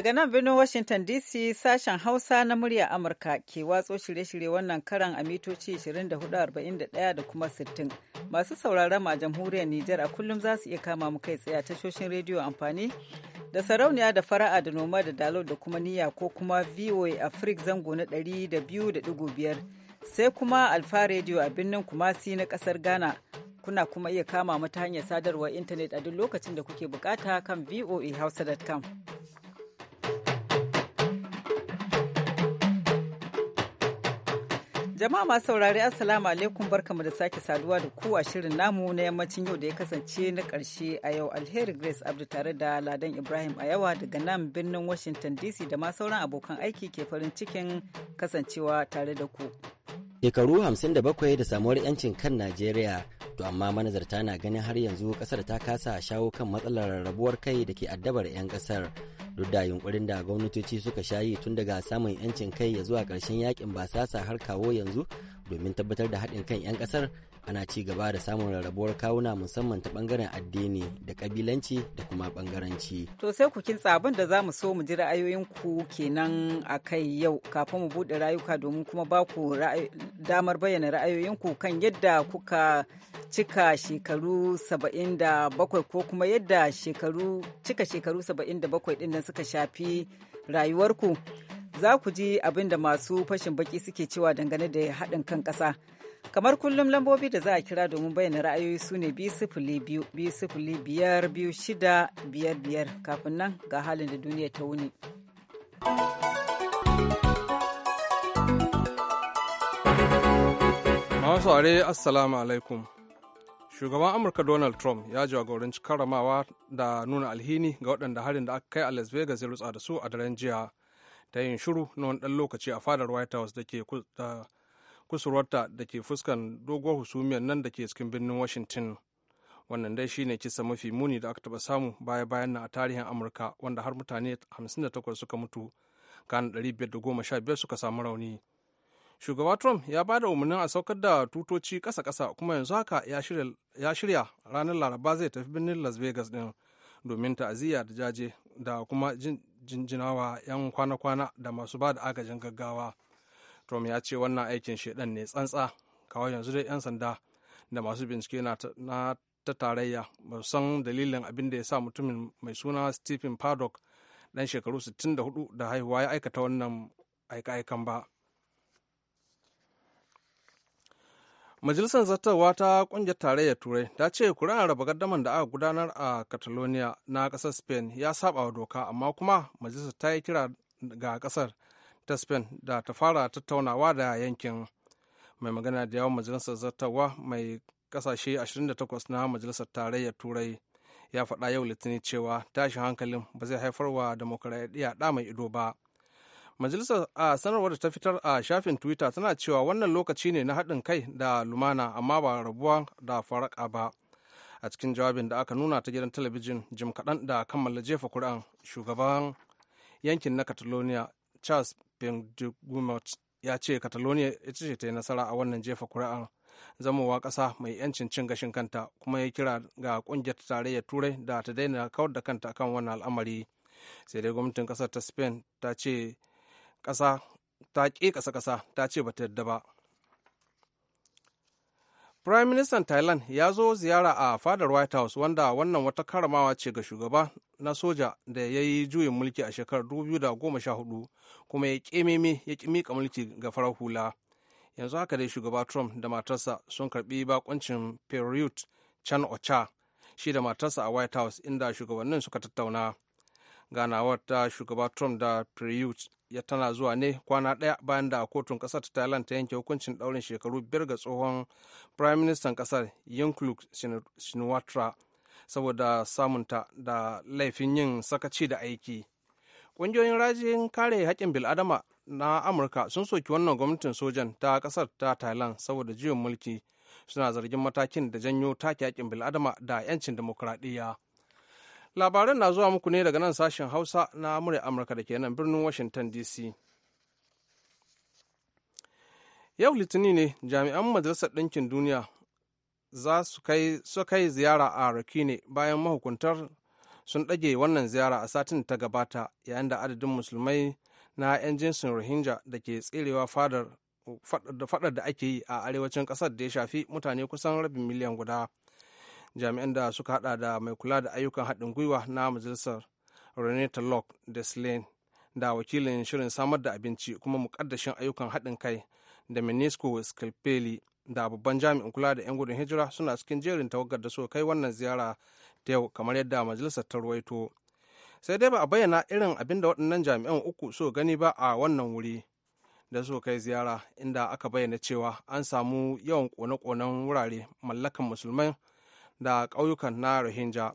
Daga nan birnin Washington DC sashen Hausa na murya Amurka ke watso shirye-shirye wannan karan a mitoci 24,41 da kuma 60. Masu sauraron a jamhuriyar Nijar a kullum za su iya kama mu kai tsaye a tashoshin rediyo amfani da sarauniya da fara'a da noma da dalo da kuma niyya ko kuma VOA Africa zango na 200.5 sai kuma Alfa Radio a birnin Kumasi na kasar Ghana. Kuna kuma iya kama mu ta hanyar sadarwar intanet a duk lokacin da kuke bukata kan voahausa.com. Jama'a masu saurari Assalamu alaikum barkamu da sake saduwa da ku a shirin namu na yammacin yau da ya kasance na karshe a yau alheri Grace Abdu tare da Ladan Ibrahim a yawa daga nan birnin Washington DC da ma sauran abokan aiki ke farin cikin kasancewa tare da ku. Shekaru 57 da samuwar 'yancin kan Najeriya to amma manazarta na ganin har yanzu kasar ta kasa shawo kan matsalar rabuwar kai da ke addabar 'yan kasar. duk da yunkurin da gwamnatoci suka shayi tun daga samun yancin kai ya zuwa ƙarshen yakin basasa har kawo yanzu domin tabbatar da haɗin kan 'yan ƙasar ana ci gaba da samun rarrabuwar kawuna musamman ta bangaren addini da kabilanci da kuma bangaranci. To sai ku kintsa abin da za mu so mu ji ra'ayoyin ku kenan a kai yau kafin mu buɗe rayuka domin kuma ba ku damar bayyana ku kan yadda kuka cika shekaru 77 ko kuma yadda shekaru cika shekaru 77 din nan suka shafi rayuwarku. Za ku ji abin da masu fashin baki suke cewa dangane da haɗin kan ƙasa. kamar kullum lambobi da za a kira domin bayyana ra'ayoyi su ne biyar biyu shida biyar biyar kafin nan ga halin da duniya ta wuni masu are assalamu alaikum shugaban amurka donald trump ya jagoranci karamawa da nuna alhini ga waɗanda harin da aka kai a las vegas ya rutsa da su a daren jiya ta yin shuru na wani ɗan lokaci a fadar white house da ke kusa kusurwarta da ke fuskan doguwar husumiyar nan da ke cikin birnin washington wannan dai shine kisa mafi muni da aka taba samu baya bayan nan a tarihin amurka wanda har mutane 58 suka mutu kan 515 suka samu rauni shugaba trump ya ba da umarnin a saukar da tutoci kasa-kasa kuma yanzu haka ya shirya ranar laraba zai tafi birnin las vegas din domin ta'aziyya da jaje da kuma jinjinawa 'yan kwana-kwana da masu ba da agajin gaggawa. Trump ya ce wannan aikin shaidan ne tsantsa kawai yanzu dai 'yan sanda da masu bincike na ta tarayya ba san dalilin abin da ya sa mutumin mai suna Stephen Paddock dan shekaru 64 da haihuwa ya aikata wannan aika-aikan ba. Majalisar Zartarwa ta kungiyar tarayyar Turai ta ce kuri'ar raba gardaman da aka gudanar a Catalonia na kasar Spain ya saba wa doka amma kuma majalisar ta yi kira ga ƙasar ta spain da ta fara tattaunawa da yankin mai magana da yawon majalisar zartarwa mai kasashe 28 na majalisar tarayyar turai ya faɗa yau litinin cewa tashin hankalin ba zai haifar wa demokuraɗiyya ɗa mai ido ba majalisar a sanarwar da ta fitar a shafin twitter tana cewa wannan lokaci ne na haɗin kai da lumana amma ba rabuwa da faraka ba a cikin jawabin da aka nuna ta gidan talabijin jim kaɗan da kammala jefa kuri'an shugaban yankin na catalonia charles pendigumot ya ce catalonia ita ce ta yi nasara a wannan jefa kuri'an zamowa ƙasa mai 'yancin cin gashin kanta kuma ya kira ga ƙungiyar tarayyar turai da ta daina kawar da kanta akan wannan al'amari sai dai gwamnatin ƙasar ta spain ta ce ƙasa ta ƙi ƙasa ƙasa ta ce ba ta yarda ba Prime Minister Thailand ya zo ziyara a fadar White House wanda wannan wata karamawa ce ga shugaba na soja da ya yi juyin mulki a shekarar 2014 kuma ya kememe ya mika mulki ga farar hula. Yanzu haka dai shugaba Trump da matarsa sun karbi bakuncin Perut Chan Ocha shi da matarsa a White House inda shugabannin suka tattauna. Ganawar ta shugaba Trump da Perut ya tana zuwa ne kwana ɗaya bayan da kotun ƙasar ta Thailand ta yanke hukuncin ɗaurin shekaru biyar ga tsohon Prime Minister ƙasar Yingluck shinwatra saboda samunta da laifin yin sakaci da aiki. Ƙungiyoyin rajin kare haƙƙin bil'adama na Amurka sun soki wannan gwamnatin sojan ta kasar ta Thailand saboda juyin mulki suna zargin matakin da janyo take haƙƙin bil'adama da 'yancin dimokuraɗiyya. labaran na zuwa muku ne daga nan sashen hausa na murya amurka da ke nan birnin washington dc yau litinin ne jami'an majalisar ɗinkin duniya za su kai ziyara a rakine bayan mahukuntar sun ɗage wannan ziyara a satin ta gabata yayin da adadin musulmai na 'yan jinsin rohingya da ke tserewa fadar da ake yi a arewacin ƙasar da ya shafi mutane kusan rabin miliyan guda jami'an da suka hada da mai kula da ayyukan haɗin gwiwa na majalisar renata locke deslane da wakilin shirin samar da abinci kuma mukaddashin ayyukan haɗin kai da minisco scalpeli da babban jami'in kula da 'yan gudun hijira suna cikin jerin tawagar da suka kai wannan ziyara ta yau kamar yadda majalisar ta ruwaito sai dai ba a bayyana irin abin da waɗannan jami'an uku so gani ba a wannan wuri da suka kai ziyara inda aka bayyana cewa an samu yawan kone-konen wurare mallakan musulman da ƙauyukan na rohingya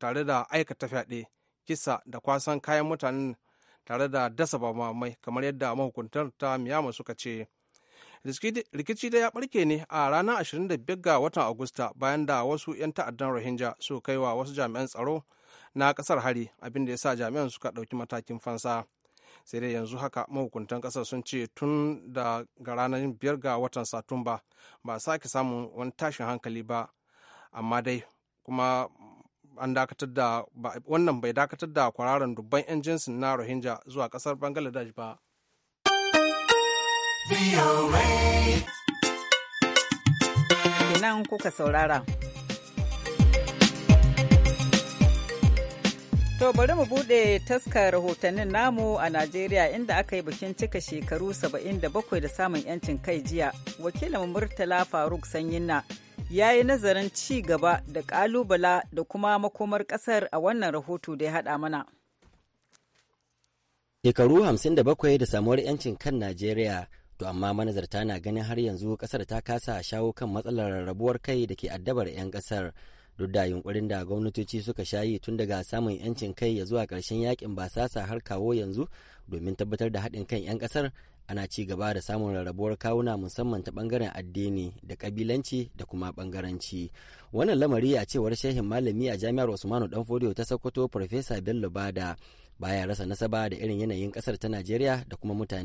tare da aikata fyaɗe kisa da kwasan kayan mutanen tare da dasa bamamai kamar yadda mahukuntar ta miyama suka ce rikici da ya barke ne a ranar 25 ga watan agusta bayan da wasu 'yan ta'addan rohingya su kai wa wasu jami'an tsaro na ƙasar hari abinda ya sa jami'an suka ɗauki matakin fansa sai dai yanzu haka mahukuntan kasar sun ce tun da ga ranar biyar ga watan satumba ba sake samun wani tashin hankali ba amma dai kuma an dakatar da wannan bai dakatar da kwararan dubban 'yan jinsin na rohingya zuwa kasar bangladesh ba nan kuka saurara To bari mu bude taskar rahotannin namu a Najeriya inda aka yi bikin cika shekaru 77 da samun 'yancin kai jiya. Wakilin Murtala Faruk Sanyinna ya yi nazarin ci gaba da kalubala da kuma makomar kasar a wannan rahoto da ya haɗa mana. Shekaru 57 da samuwar 'yancin kan Najeriya, to amma manazarta na ganin har yanzu kasar ta kasa shawo kan matsalar rabuwar kai da ke addabar 'yan kasar. duk da yunkurin da gwamnatoci suka shayi tun daga samun yancin kai ya zuwa karshen yakin basasa har kawo yanzu domin tabbatar da haɗin kan 'yan ƙasar ana ci gaba da samun rarrabuwar kawuna musamman ta bangaren addini da kabilanci da kuma ɓangaranci wannan lamari a cewar shehin malami a jami'ar usmanu danfodiyo ta sokoto farfesa bello bada baya rasa nasaba da irin yanayin kasar ta Najeriya da kuma ta.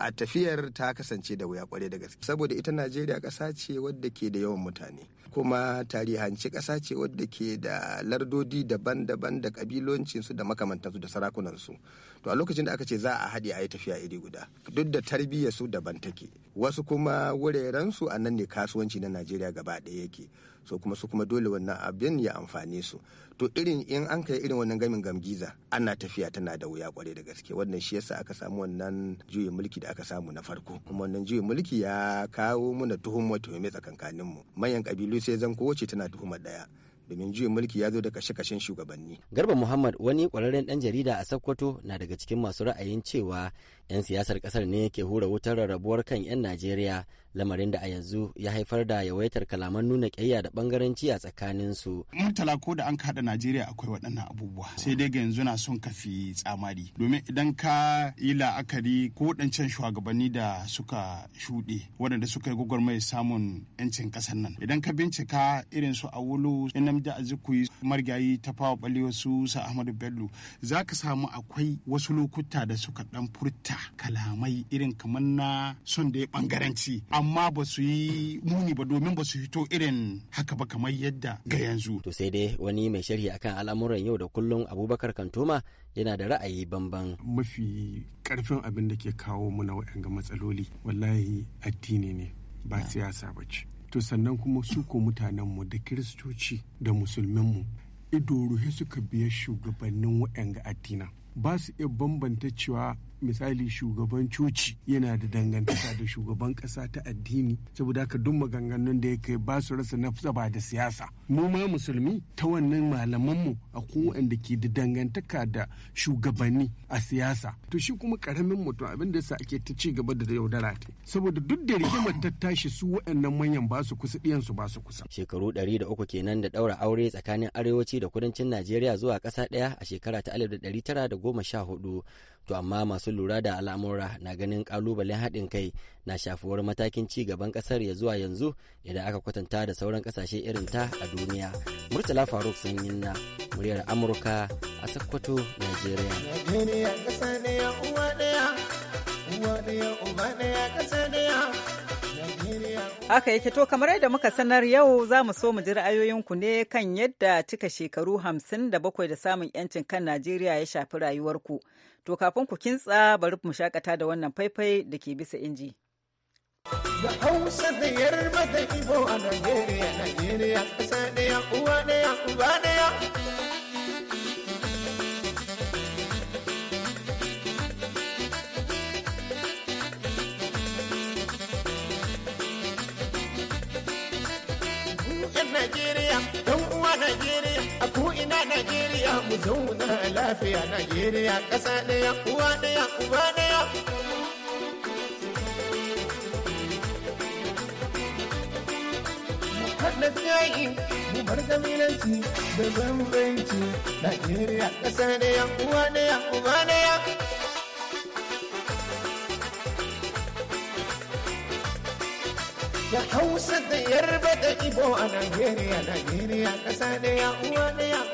A tafiyar ta kasance da wuya kwarai da gaske saboda ita Najeriya ƙasa ce wadda ke da yawan mutane kuma tarihanci ƙasa ce wadda ke da lardodi daban-daban da kabilancinsu da makamantansu da sarakunansu. To a lokacin da aka ce za a haɗe a yi tafiya iri guda duk da tarbiyyar su daban take wasu kuma wurarensu a nan ne kasuwanci na Najeriya gaba ɗaya yake so kuma su kuma dole wannan abin ya amfane su. to irin in an kai irin wannan gamin gamgiza ana tafiya tana da wuya kware da gaske wannan shi yasa aka samu wannan juyin mulki da aka samu na farko kuma wannan juyin mulki ya kawo muna tuhumar tuhume tsakankanin mu manyan kabilu sai zan kowace tana tuhumar daya domin juyin mulki ya zo da kashe-kashen shugabanni. Garba Muhammad wani kwararren ɗan jarida a Sokoto na daga cikin masu ra'ayin cewa 'yan siyasar ƙasar ne ke hura wutar rarrabuwar kan 'yan Najeriya lamarin da a yanzu ya haifar da yawaitar kalaman nuna ƙiyayya da bangaranci a tsakanin su. Murtala ko da an kaɗa Najeriya akwai waɗannan abubuwa sai dai ga yanzu na son ka fi tsamari domin idan ka yi la'akari ko waɗancan shugabanni da suka shuɗe waɗanda suka yi gwagwarmayar samun 'yancin ƙasar nan idan ka bincika irin su Awolo Nnamdi Azikiwe Margayi Tafawa Balewa su Sa Ahmadu Bello za ka samu akwai wasu lokuta da suka ɗan furta kalamai irin kamar na son da ya ɓangaranci amma ba su yi muni ba domin ba su fito irin haka ba kamar yadda ga yanzu. To sai dai wani mai sharhi akan al'amuran yau da kullum Abubakar Kantoma yana da ra'ayi bamban. Mafi karfin abin da ke kawo muna ga matsaloli wallahi addini ne ba siyasa ba ce. To sannan kuma su ko mu da kiristoci da musulmin mu ido ruhe suka biya shugabannin ga addina. Ba su iya bambanta cewa misali shugaban coci yana da dangantaka da shugaban kasa ta addini saboda haka duk maganganun da yake ba su rasa na ba da siyasa mu ma musulmi ta wannan malaman mu a da ke da dangantaka da shugabanni a siyasa to shi kuma karamin mutum abin da yasa ake ta ci gaba da yaudara ta saboda duk da rigimar ta tashi su waɗannan manyan ba su kusa ɗiyan su ba su kusa shekaru ɗari da uku kenan da ɗaura aure tsakanin arewaci da kudancin najeriya zuwa ƙasa ɗaya a shekara ta alif da ɗari tara da goma sha hudu to amma masu lura da al'amura na ganin kalubalen haɗin kai na shafuwar matakin ci gaban ƙasar ya zuwa yanzu idan aka kwatanta da sauran ƙasashe irin ta a duniya murtala faruk sanyin na muryar amurka a sakkwato nigeria Haka yake to kamar yadda muka sanar yau za mu so mu ji ra'ayoyinku ne kan yadda cika shekaru hamsin da bakwai da samun 'yancin kan Najeriya ya shafi rayuwarku. To kafin ku kintsa bari mu shakata da wannan faifai da ke bisa inji. Da Hausa da Yarba da Ibo a Najeriya, Najeriya ƙasa ɗaya, uwa ɗaya, uba ɗaya. Najeriya, ɗan uwa Najeriya, a na Najeriya mu zauna lafiya Najeriya ƙasa ɗaya uwa ɗaya uba ɗaya. Haɗa yaƙi mu bar kabilanci da bambanci Najeriya ƙasa ɗaya uwa ɗaya uba ɗaya. da hausa da yarba da ibo a Najeriya, Najeriya ƙasa da ya uwa da ya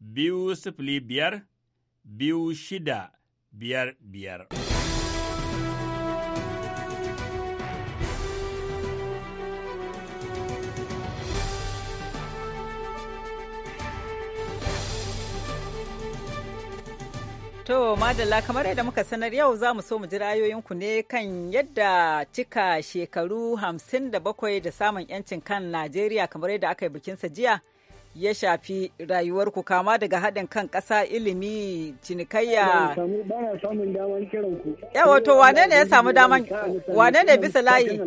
biyu sifili biyar biyu shida biyar biyar. To, Madalla, kamar yadda muka sanar yau za mu so mu ji ra'ayoyinku ne kan yadda cika shekaru hamsin da bakwai da samun 'yancin kan Najeriya kamar yadda aka yi bikinsa jiya. ya shafi rayuwarku kama daga haɗin kan ƙasa ilimi cinikayya ya wato wane ne ya samu daman wane ne bisa layi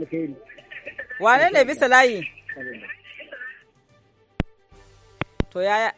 wane ne bisa layi to yaya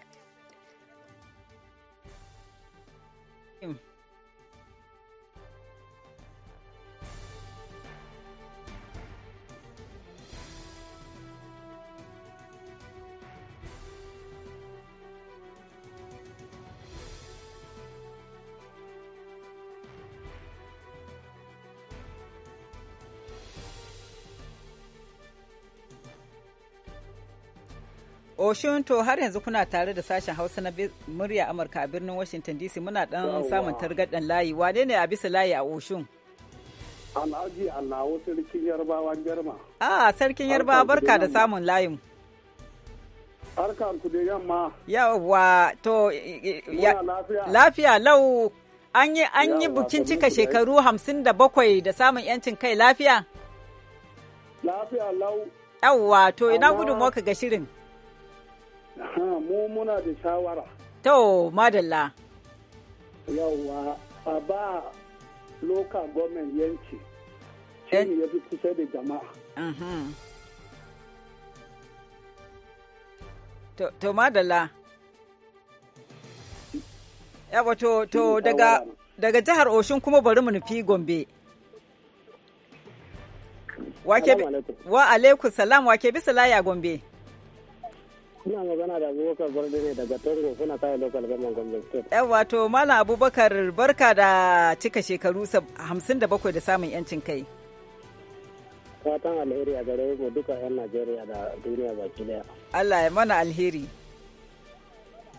to har yanzu kuna tare da sashen Hausa na murya Amurka a birnin Washington DC muna dan samun targaɗen layi. Wane ne a bisa layi a Oshun? Alhaji Allahu sarkin Yarbawa Jarma. Ah, sarkin Yarbawa barka da samun layin. Harkar ku da yamma. Yawwa, to lafiya lau an yi an yi bukin cika shekaru hamsin da bakwai da samun yancin kai lafiya? Lafiya lau. Yawwa, to ina gudun ka ga shirin. ha mu muna da shawara to madalla yawwa a ba local government yanci shi ya fi kusa da jama'a mhm. to madalla yawa to to daga daga jihar Oshun kuma bari mu nufi Gombe wa alaikum salam wa ke bisa laya Gombe Kuna magana da Abubakar Barde ne daga Tango suna kayan local government gwamnan state. Yan wato mana Abubakar barka da cika shekaru 57 da samun yancin kai. Fatan alheri a gare mu duka 'yan Najeriya da duniya baki daya. Allah ya mana alheri.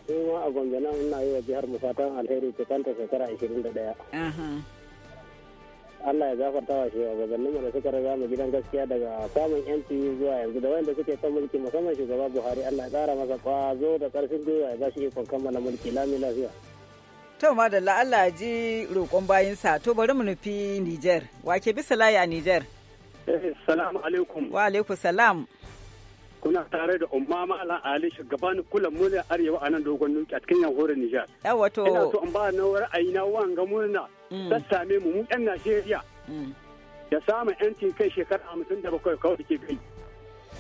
Kuma a Gombe nan ina yi wa jihar mu fatan alheri shekara ishirin shekara 21. Allah ya zafarta wa shugabannin mu da suka riga mu gidan gaskiya daga samun yanci zuwa yanzu da wanda suke kan mulki musamman shugaba Buhari Allah ya kara masa kwazo da karfin gwiwa ya bashi ikon kammala mulki lami lafiya. To madalla Allah ji roƙon bayin sa to bari mu nufi Niger wake bisa layi a Niger. Eh, salamu alaikum. Wa alaikum salam. kuna tare da umma ma'ala ali shugaban kula mulki arewa a nan dogon nuki a cikin yankunan nijar yawa to ina so in ba na ra'ayi na wanga murna ta mm. same mu mu yan Najeriya mm. da samun yancin kai shekara hamsin da bakwai kawai da ke kai.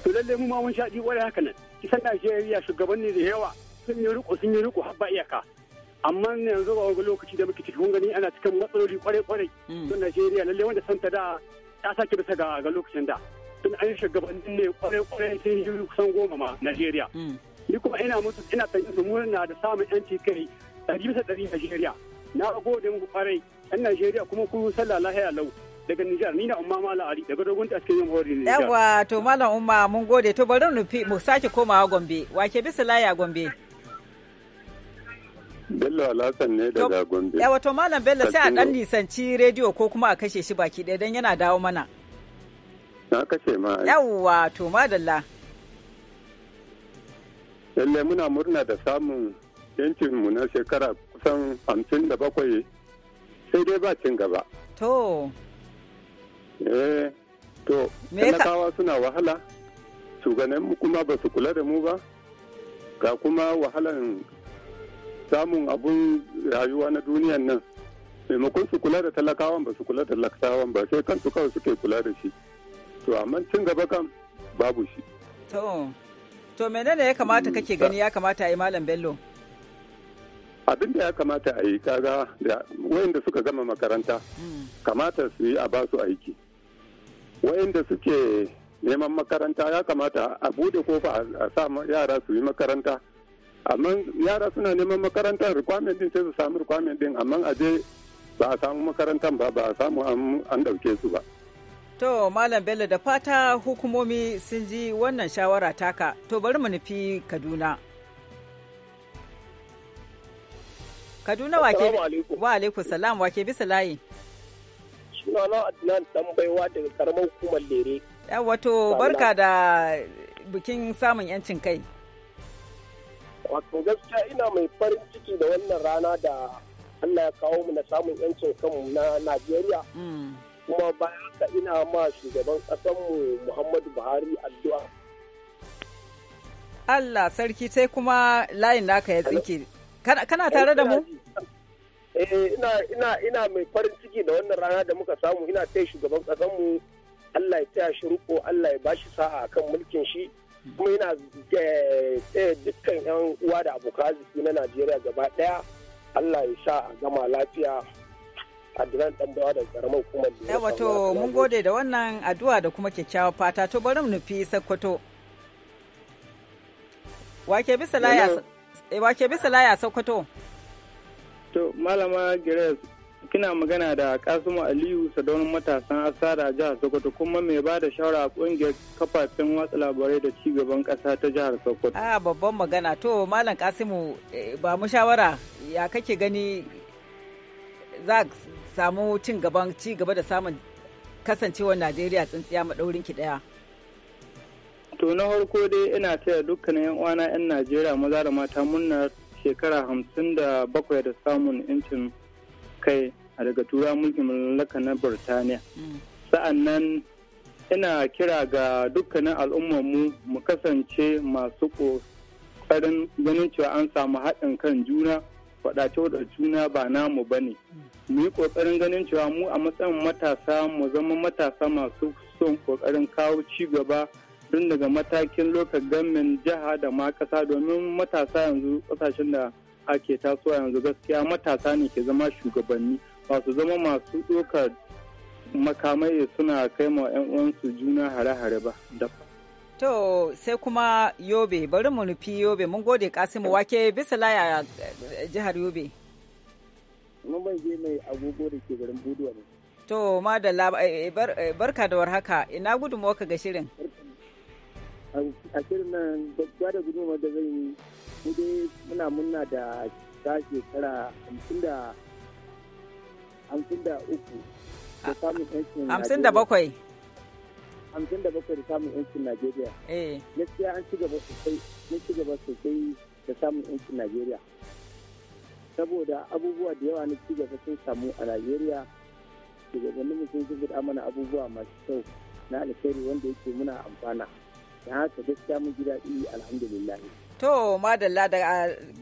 to lallai mu ma mun sha ji haka nan kisan Najeriya shugabanni da yawa sun yi riko sun yi riko har ba iyaka amma yanzu ba wani lokaci da muke cikin gani ana cikin matsaloli kwarai kwarai mm. don Najeriya lallai wanda santa da ta sake bisa ga ga lokacin da tun an shugabannin ne kwarai kwarai sun yi kusan goma ma Najeriya ni kuma ina mutu ina mu na da samun yanci kai ɗari bisa ɗari Najeriya na gode muku kwarai 'yan Najeriya kuma kun sallah lahiya lau. daga Nijar ni na umma mala Ali daga dogon taskin jamhuriyar Nijar. Yawa to Malam Umma mun gode to bari nufi mu sake komawa Gombe wake bisa laya Gombe. Bello Alhassan ne daga Gombe. Yawa to Malam Bello sai a dan nisanci rediyo ko kuma a kashe shi baki ɗaya dan yana dawo mana. Na kashe ma. Yawa to madalla. Lallai muna murna da samun mu na shekara kusan hamsin da bakwai sai dai ba cin gaba to eh to talakawa suna wahala shugaban kuma ba su kula da mu ba ga kuma wahalan samun abun rayuwa na duniyan nan maimakon su kula da talakawan ba su kula da talakawan ba sai kansu kawai suke kula da shi to amma cin gaba kan babu shi to to menene ya kamata kake gani ya kamata a yi malam bello abin da ya kamata a yi kaga da wayanda suka gama makaranta kamata su yi a ba su aiki wayanda suke neman makaranta ya kamata a bude kofa a sa yara su yi makaranta amma yara suna neman makaranta requirement din sai su samu requirement din amma a je ba a samu makarantar ba ba a samu an dauke su ba To Malam Bello da fata hukumomi sun ji wannan shawara taka to bari mu nufi Kaduna. Kaduna wake wa alaikum salam wake bisa layi. Sunana Adnan dan baiwa daga karamar hukumar Lere. Wato barka da bikin samun yancin kai. Wato gaskiya ina mai farin ciki da wannan rana da Allah ya kawo mu na samun yancin kanmu na Najeriya. Mm. Kuma bayan ka ina ma shugaban mu Muhammadu Buhari addu'a. Allah sarki sai kuma layin naka ya tsike. Kana tare da mu? eh ina ina mai farin ciki da wannan rana da muka samu ina taya shugaban kasan mu Allah ya taya shi riko Allah ya bashi sa'a akan mulkin shi kuma ina eh, taya dukkan yan uwa da abokan arziki na Najeriya gaba daya Allah ya sa a gama lafiya dan bawa da karamar hukumar da wato mun gode da wannan addu'a da kuma kyakkyawar fata to bari mu nufi sakwato eh, Wake bisa laya Sokoto To Malama Gires kina magana da Kasimu Aliyu Sadonin matasan Asada a jihar Sokoto kuma mai ba da shawara a kungiyar kafafen watsa labarai da cigaban kasa ta jihar Sokoto. A ah, babban magana to Malam Kasimu eh, ba mu shawara ya kake gani za samu cin gaban ci gaba da samun kasancewar Najeriya tsintsiya maɗaurin ki ɗaya. To na harko dai ina taya dukkanin 'yan uwana 'yan Najeriya maza da mata murnar shekara hamsin da bakwai da samun yancin kai a daga tura mulkin mallaka na burtaniya mm. sa'an nan ina kira ga dukkanin al'ummarmu mu kasance masu ƙoƙarin ganin cewa an samu haɗin kan juna faɗace da juna ba namu ba ne mm. mu yi ƙoƙarin ganin cewa mu a matsayin matasa mu zama matasa masu son ƙoƙarin kawo ci gaba tun daga matakin lokacin gamin jiha da ma kasa domin matasa yanzu kasashen da ake tasowa yanzu gaskiya matasa ne ke zama shugabanni ba su zama masu ɗaukar makamai suna kai ma 'yan uwansu juna hare-hare ba To sai kuma Yobe bari mu nufi Yobe mun gode Kasimu wake bisa laya eh, jihar Yobe. Mun ban je mai da ke garin To madalla eh, eh, barka da warhaka ina gudunmuwa ka ga shirin. a shirin nan babba da gudunmar da zai yi mu dai muna muna da ta shekara hamsin da hamsin da uku da samun yankin hamsin da bakwai hamsin da bakwai da samun yankin najeriya eh. gaskiya an ci gaba sosai ya ci gaba sosai da samun yankin najeriya saboda abubuwa da yawa na ci gaba sun samu a najeriya shugabanninmu sun zubuta amana abubuwa masu kyau na alheri wanda yake muna amfana da haka gaskiya mun ji daɗi alhamdulillah To, madalla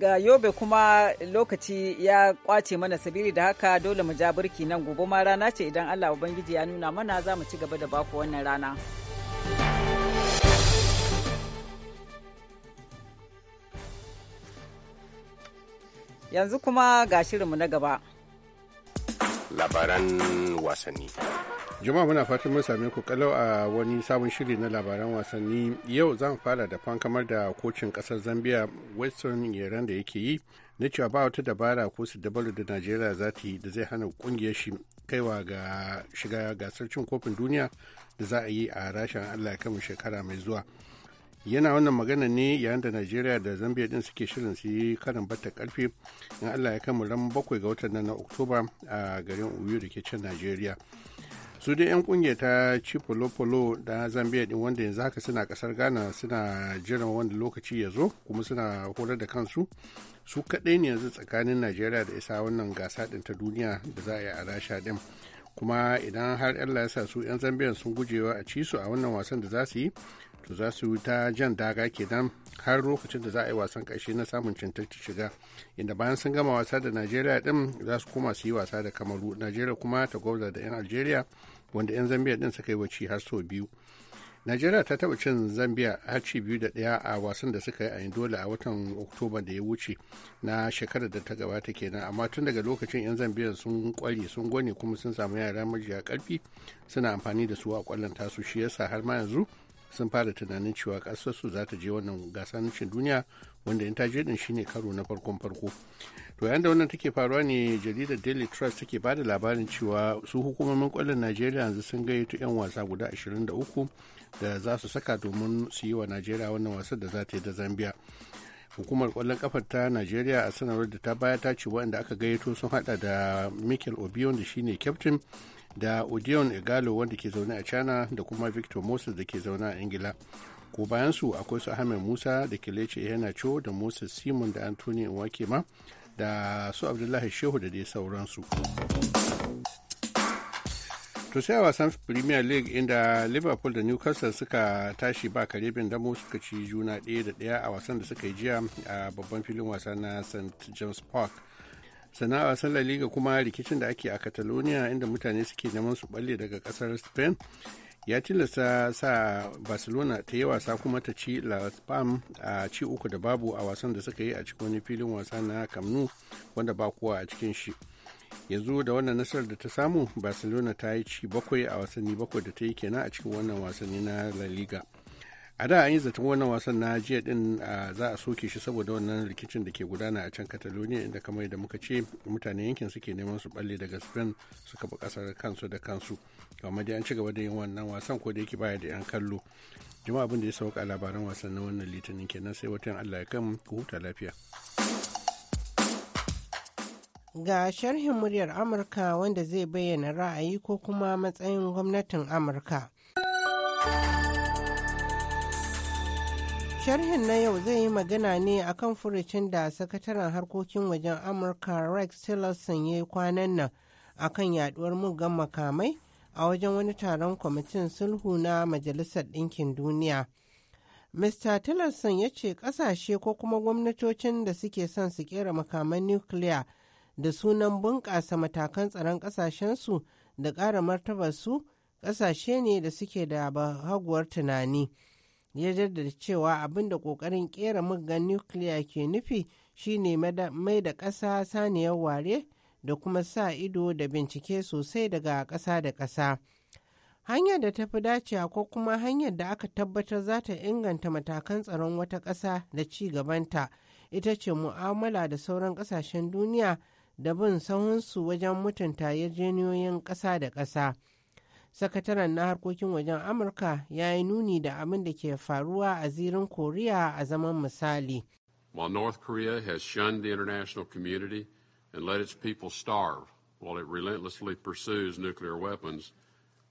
ga yobe kuma lokaci ya kwace mana sabiri da haka dole mu ja birki nan gobe ma rana ce idan Allah Ubangiji ya nuna mana za mu ci gaba da baku wannan rana. Yanzu kuma ga shirinmu na gaba. Labaran wasanni. juma muna fatan mun same ku kalau a wani sabon shiri na labaran wasanni yau zan fara da fankamar da kocin kasar zambia western yaren da yake yi na cewa ba wata dabara ko su dabaru da najeriya za ta yi da zai hana kungiyar shi kaiwa ga shiga gasar cin kofin duniya da za a yi a rashin allah ya shekara mai zuwa yana wannan magana ne yayin da najeriya da zambia din suke shirin su yi karin bata karfe in allah ya kama ran bakwai ga watan nan na oktoba a garin uyu da ke can najeriya su dai 'yan kungiyar ta ci polo-polo da zambia din wanda yanzu haka suna kasar ghana suna jiran wanda lokaci ya zo kuma suna horar da kansu su kaɗai ne yanzu tsakanin najeriya da isa wannan gasa ɗin ta duniya da za a yi a rasha ɗin kuma idan har allah ya su 'yan zambiyan sun gujewa a ci su a wannan wasan da za su yi to za su ta jan daga kenan har lokacin da za a yi wasan ƙarshe na samun cancanci shiga inda bayan sun gama wasa da najeriya din za su koma su yi wasa da kamaru najeriya kuma ta gwabza da 'yan algeria wanda 'yan zambiya din suka yi ci har sau biyu Najeriya ta taba cin Zambia har biyu da ɗaya a wasan da suka yi a Indola a watan Oktoba da ya wuce na shekarar da ta gabata kenan amma tun daga lokacin 'yan Zambiya sun kware sun gwane kuma sun samu yara majiya ƙarfi suna amfani da su a kwallon tasu shi yasa har ma yanzu sun fara tunanin cewa su za ta je wannan gasar cin duniya wanda in ta je din shine karo na farkon farko to yayin da wannan take faruwa ne jaridar daily trust take bada labarin cewa su hukumomin kwallon najeriya yanzu sun gayyato 'yan wasa guda 23 da za su saka domin su yi wa najeriya wannan wasan da za ta yi da zambia hukumar kwallon kafar ta najeriya a sanarwar da ta baya ta ce waɗanda aka gayyato sun hada da michael obion da shine captain da odion igalo wanda ke zaune a china da kuma victor moses da ke zaune a ingila ko bayan su akwai su ahmed musa da ke lece yana cho da moses simon da anthony nwakema da su abdullahi shehu da dai sauransu. to sai a wasan premier league inda liverpool da newcastle suka tashi ba karebin damo suka ci juna ɗaya da ɗaya a wasan da suka yi jiya a babban filin wasa na st james park sannan wasan la kuma rikicin da ake a catalonia inda mutane suke neman su balle daga kasar spain ya tilasta sa barcelona ta yi wasa kuma ta ci la spam a ci uku da babu a wasan da suka yi a cikin wani filin wasa na kamnu wanda ba kowa a cikin shi yanzu da wannan nasarar da ta samu barcelona ta yi ci bakwai a wasanni bakwai da ta yi kenan a cikin wannan wasanni na la liga a da an yi zaton wannan wasan na jiya din za a soke shi saboda wannan rikicin da ke gudana a can catalonia inda kamar da muka ce mutane yankin suke neman su balle daga spain suka bi kasar kansu da kansu kamar dai an ci gaba da yin wannan wasan ko da yake baya da yan kallo jama'a abin da ya sauka labaran wasan na wannan litinin kenan sai watan allah ya kan ku huta lafiya ga sharhin muryar Amurka wanda zai bayyana ra'ayi ko kuma matsayin gwamnatin Amurka. Sharhin na yau zai yi magana ne akan furucin da sakataren harkokin wajen Amurka Rex Tillerson ya yi kwanan nan akan yaduwar muggan makamai a wajen wani taron kwamitin sulhu na Majalisar Ɗinkin Duniya. Mr. Tillerson ya ce ƙasashe ko kuma gwamnatocin da suke son su kera makaman nukiliya da sunan bunƙasa matakan tsaron ƙasashensu da ƙara martabarsu ƙasashe ne da suke da bahaguwar tunani ya jaddada cewa abin da ƙoƙarin ƙera muggan nukiliya ke nufi shine mai da ƙasa saniyar ware da kuma sa ido da bincike sosai daga ƙasa da ƙasa hanyar da ta fi dacewa ko kuma hanyar da aka tabbatar za ta inganta matakan tsaron wata ƙasa da ci gabanta ita ce mu'amala da sauran ƙasashen duniya da bin sahunsu wajen mutunta yarjejeniyoyin ƙasa da ƙasa. Sakataren na harkokin wajen Amurka ya yi nuni da abin da ke faruwa a zirin Koriya a zaman misali. While North Korea has shunned the international community and let its people starve while it relentlessly pursues nuclear weapons,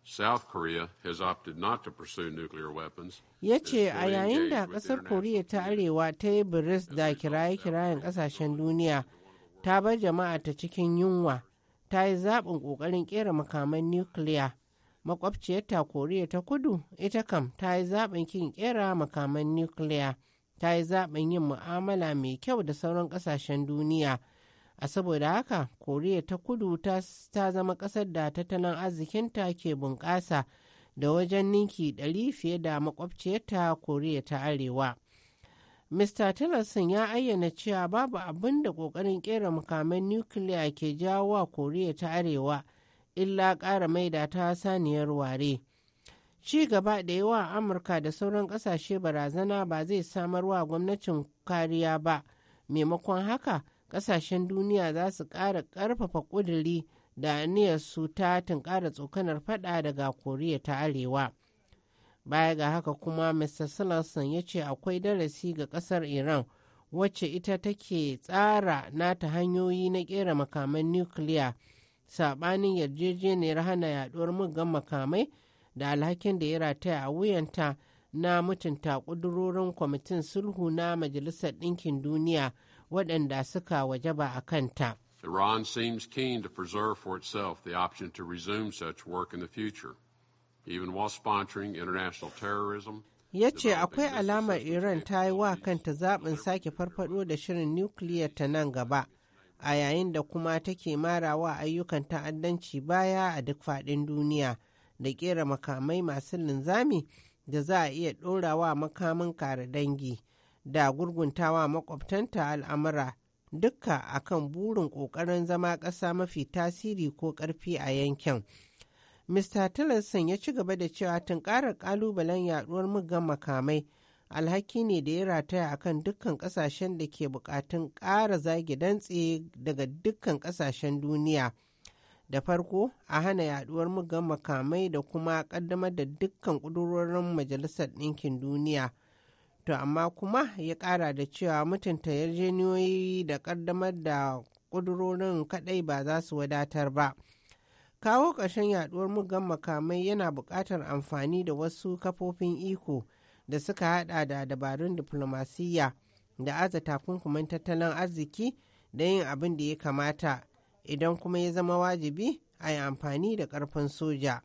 South Korea has opted not to pursue nuclear weapons. Ya ce a yayin da ƙasar Koriya ta Arewa ta yi biris da kiraye-kirayen ƙasashen duniya ta bar jama'a ta cikin yunwa ta yi zaɓin ƙoƙarin ƙera makaman nukiliya makwabciyarta koriya ta kudu ita kam ta yi zaɓin kin ƙera makaman nukiliya ta yi zaɓin yin mu'amala mai kyau da sauran ƙasashen duniya a saboda haka koriya ta kudu ta zama ƙasar da tattalin arzikinta ke bunƙasa da wajen ninki ɗari fiye da makwabciyarta koriya ta arewa Mr. Tillerson ya ayyana cewa babu abin da ƙoƙarin ƙera makaman nukiliya ke jawo wa Koriya ta Arewa illa ƙara maida ta saniyar ware. Ci gaba da yawa Amurka da sauran ƙasashe barazana ba zai samar wa gwamnatin kariya ba, maimakon haka ƙasashen duniya za su ƙara ƙarfafa ƙuduri da aniyarsu ta tunƙara tsokanar faɗa daga Koriya ta Arewa. baya ga haka kuma mr sullivan ya ce akwai darasi ga kasar iran wacce ita take tsara nata hanyoyi na kera makaman nukiliya sabanin yarjejeniyar hana yaduwar muggan makamai da alhakin da ya rataya a wuyanta na mutunta ƙudurorin kwamitin sulhu na majalisar ɗinkin duniya waɗanda suka wajaba a kanta. Iran seems keen to preserve for itself the option to resume such work in the future. Ya ce akwai alamar Iran ta yi wa kanta zaɓin sake farfado da shirin nukiliyar ta nan gaba, a yayin da kuma take marawa ayyukan ta'addanci baya a duk faɗin duniya da ƙera makamai masu linzami da za a iya ɗorawa makamin kare dangi da gurguntawa makwabtanta al'amura dukka akan burin ƙoƙarin zama ƙasa mafi tasiri ko ƙarfi a yankin. Mr. Tillerson ya ci gaba da cewa tun ƙara ƙalubalen yaduwar muggan makamai alhaki ne da ya rataya akan dukkan ƙasashen da ke buƙatun ƙara zage dantse daga dukkan ƙasashen duniya. Da farko, a hana yaɗuwar muggan makamai da kuma ƙaddamar da dukkan ƙudurorin Majalisar Ɗinkin Duniya. To, amma kuma ya ƙara da cewa mutunta yarjeniyoyi da ƙaddamar da ƙudurorin kaɗai ba za su wadatar ba. kawo ƙarshen yaɗuwar muggan makamai yana buƙatar amfani da wasu kafofin iko da suka haɗa da dabarun diflomasiyya da aza takunkumin tattalin arziki da yin abin da ya kamata idan kuma ya zama wajibi a yi amfani da ƙarfin soja.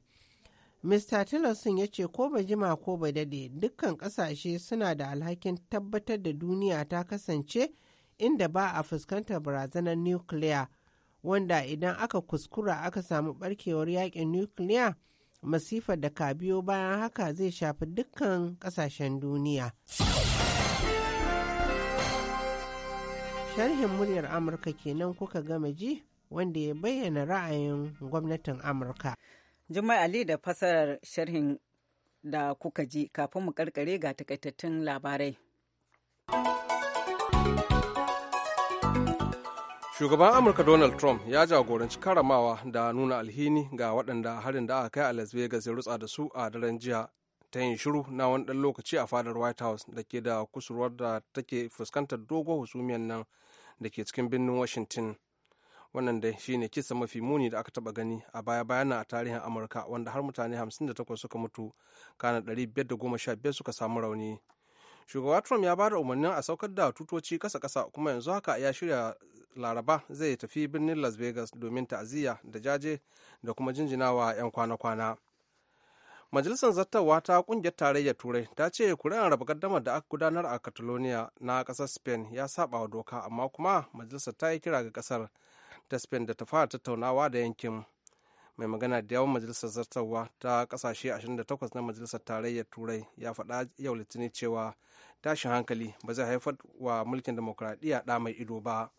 Mr. Tillerson ya ce ko ba jima ko ba dade dukkan ƙasashe suna da alhakin tabbatar da duniya ta kasance inda ba a fuskantar barazanar nukiliya. wanda idan aka kuskura aka samu barkewar yakin nukiliya masifar da ka biyo bayan haka zai shafi dukkan kasashen duniya. Sharhin muryar Amurka kenan kuka gama ji wanda ya bayyana ra'ayin gwamnatin Amurka. Jummai Ali da fasarar sharhin da kuka ji kafin mu karkare ga takaitattun labarai. shugaban amurka donald trump ya jagoranci karamawa da nuna alhini ga waɗanda harin da aka kai a las vegas ya rutsa da su a daren jiya ta yin shiru na wani ɗan lokaci a fadar white house da ke da kusurwar da take fuskantar dogon husumiyar nan da ke cikin birnin washington wannan dai ne kisa mafi muni da aka taba gani a baya bayan a tarihin amurka wanda har mutane 58 suka mutu kana 515 suka samu rauni shugaba trump ya ba da umarnin a saukar da tutoci kasa-kasa kuma yanzu haka ya shirya laraba zai tafi birnin las vegas domin ta'aziyya da jaje da kuma jinjinawa 'yan kwana-kwana majalisar zartarwa ta kungiyar tarayyar turai ta ce kuri'an raba gardamar da aka gudanar a catalonia na kasar spain ya saba wa doka amma kuma majalisar ta yi kira ga kasar ta spain da ta fara tattaunawa da yankin mai magana da yawan majalisar zartarwa ta kasashe 28 na majalisar tarayyar turai ya faɗa yau litinin cewa tashin hankali ba zai haifar wa mulkin demokuraɗiyya ɗa mai ido ba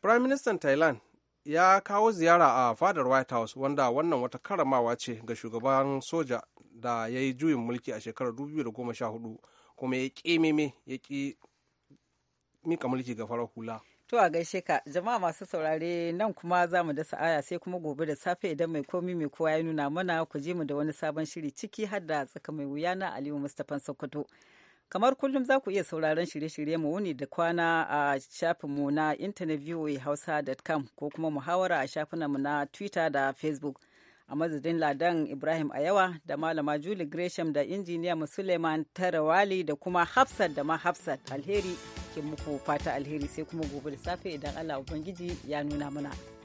prime minister thailand ya kawo ziyara a fadar white house wanda wannan wata karamawa ce ga shugaban soja da ya yi juyin mulki a shekarar 2014 kuma ya ƙi ya mika mulki ga farar hula To a gaishe ka jama'a masu saurare nan kuma za mu dasa aya sai kuma gobe da safe idan mai komi mai kowa ya nuna mana ku je mu da wani sabon shiri ciki har da tsaka mai wuya na Aliyu Mustapha Sokoto. Kamar kullum za ku iya sauraron shirye-shirye mu wuni da kwana a shafin mu na internet ko kuma muhawara a shafinmu na Twitter da Facebook. a mazadin ladan ibrahim ayawa da malama julie gresham da injiniya musulman tarawali da kuma hafsat da ma hafsat alheri ke muku fata alheri sai kuma gobe da safe idan allah ubangiji ya nuna mana.